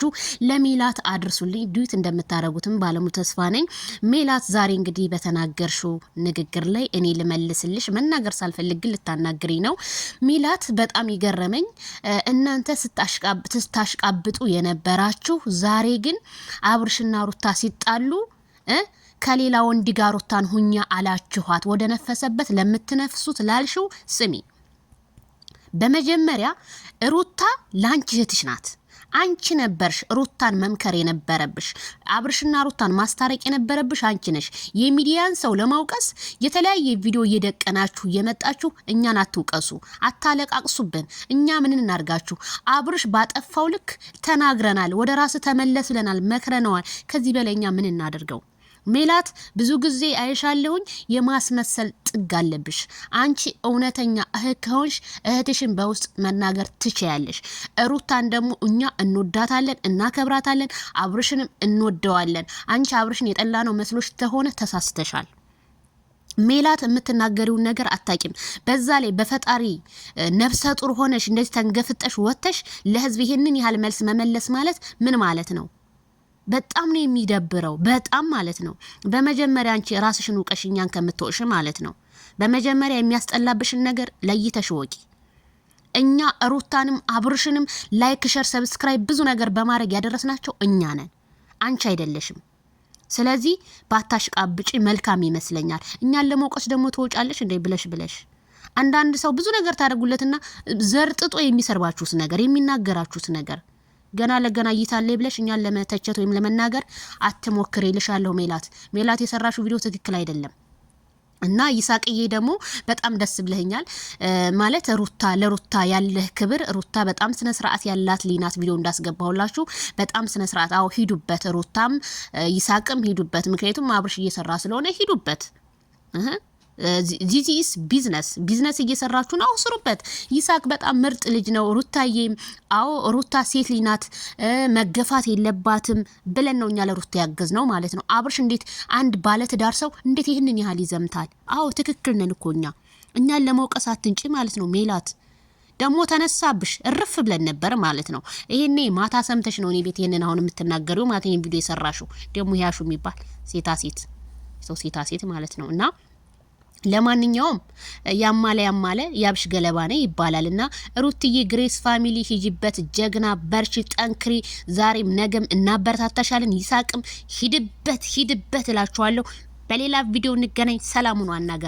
ችሁ ለሜላት አድርሱልኝ። ዱት እንደምታደርጉትም ባለሙሉ ተስፋ ነኝ። ሜላት ዛሬ እንግዲህ በተናገርሽው ንግግር ላይ እኔ ልመልስልሽ መናገር ሳልፈልግ ግን ልታናግሪ ነው። ሜላት በጣም ይገረመኝ። እናንተ ስታሽቃብጡ የነበራችሁ ዛሬ ግን አብርሽና ሩታ ሲጣሉ ከሌላ ወንድ ጋር ሩታን ሁኛ አላችኋት። ወደ ነፈሰበት ለምትነፍሱት ላልሽው ስሚ፣ በመጀመሪያ ሩታ ላንቺ እህትሽ ናት። አንቺ ነበርሽ ሩታን መምከር የነበረብሽ። አብርሽና ሩታን ማስታረቅ የነበረብሽ አንቺ ነሽ። የሚዲያን ሰው ለማውቀስ የተለያየ ቪዲዮ እየደቀናችሁ እየመጣችሁ እኛን አትውቀሱ፣ አታለቃቅሱብን። እኛ ምን እናርጋችሁ? አብርሽ ባጠፋው ልክ ተናግረናል። ወደ ራስ ተመለስ ብለናል፣ መክረነዋል። ከዚህ በላይ እኛ ምን እናደርገው? ሜላት ብዙ ጊዜ አይሻለሁኝ የማስመሰል ጥግ አለብሽ። አንቺ እውነተኛ እህት ከሆንሽ እህትሽን በውስጥ መናገር ትችያለሽ። ሩታን ደግሞ እኛ እንወዳታለን፣ እናከብራታለን፣ አብርሽንም እንወደዋለን። አንቺ አብርሽን የጠላ ነው መስሎች ተሆነ ተሳስተሻል። ሜላት የምትናገሪውን ነገር አታቂም። በዛ ላይ በፈጣሪ ነፍሰ ጡር ሆነሽ እንደዚህ ተንገፍጠሽ ወጥተሽ ለህዝብ ይህንን ያህል መልስ መመለስ ማለት ምን ማለት ነው? በጣም ነው የሚደብረው። በጣም ማለት ነው። በመጀመሪያ አንቺ ራስሽን ውቀሽ እኛን ከምትወሽ ማለት ነው። በመጀመሪያ የሚያስጠላብሽን ነገር ለይተሽ ወቂ። እኛ ሩታንም አብርሽንም ላይክ፣ ሸር፣ ሰብስክራይብ ብዙ ነገር በማድረግ ያደረስናቸው እኛ ነን፣ አንቺ አይደለሽም። ስለዚህ ባታሽቃብጪ መልካም ይመስለኛል። እኛን ለመውቀስ ደግሞ ትወጫለሽ እንዴ ብለሽ ብለሽ አንዳንድ ሰው ብዙ ነገር ታደርጉለትና ዘርጥጦ የሚሰርባችሁት ነገር የሚናገራችሁት ነገር ገና ለገና እይታለ ብለሽ እኛን ለመተቸት ወይም ለመናገር አትሞክር ይልሻለሁ። ሜላት ሜላት የሰራሽው ቪዲዮ ትክክል አይደለም። እና ይሳቅዬ ደግሞ በጣም ደስ ብለኛል። ማለት ሩታ ለሩታ ያለህ ክብር ሩታ በጣም ስነ ስርዓት ያላት ሊናት ቪዲዮ እንዳስገባሁላችሁ በጣም ስነ ስርዓት። አዎ ሂዱበት፣ ሩታም ይሳቅም ሂዱበት። ምክንያቱም አብርሽ እየሰራ ስለሆነ ሂዱበት። ዚዚስ ቢዝነስ ቢዝነስ እየሰራችሁ ነው፣ አውስሩበት። ይሳቅ በጣም ምርጥ ልጅ ነው። ሩታዬ፣ አዎ ሩታ ሴት ልጅ ናት፣ መገፋት የለባትም ብለን ነው እኛ ለሩታ ያገዝ ነው ማለት ነው። አብርሽ፣ እንዴት አንድ ባለትዳር ሰው እንዴት ይህንን ያህል ይዘምታል? አዎ ትክክል ነን እኮ እኛ እኛን ለመውቀስ አትንጭ ማለት ነው ሜላት ደግሞ ተነሳብሽ እርፍ ብለን ነበር ማለት ነው። ይሄኔ ማታ ሰምተሽ ነው እኔ ቤት ይህንን አሁን የምትናገሪው ማለት ይሄን ቪዲዮ የሰራሹ ደግሞ ያሹ የሚባል ሴታ ሴት ሰው ሴታ ሴት ማለት ነው እና ለማንኛውም ያማለ ያማለ ያብሽ ገለባ ነ ይባላል እና ሩትዬ ግሬስ ፋሚሊ ሂጅበት ጀግና በርሺ፣ ጠንክሪ፣ ዛሬም ነገም እናበረታታሻለን። ይሳቅም ሂድበት ሂድበት እላችኋለሁ። በሌላ ቪዲዮ እንገናኝ። ሰላሙኑ አናገር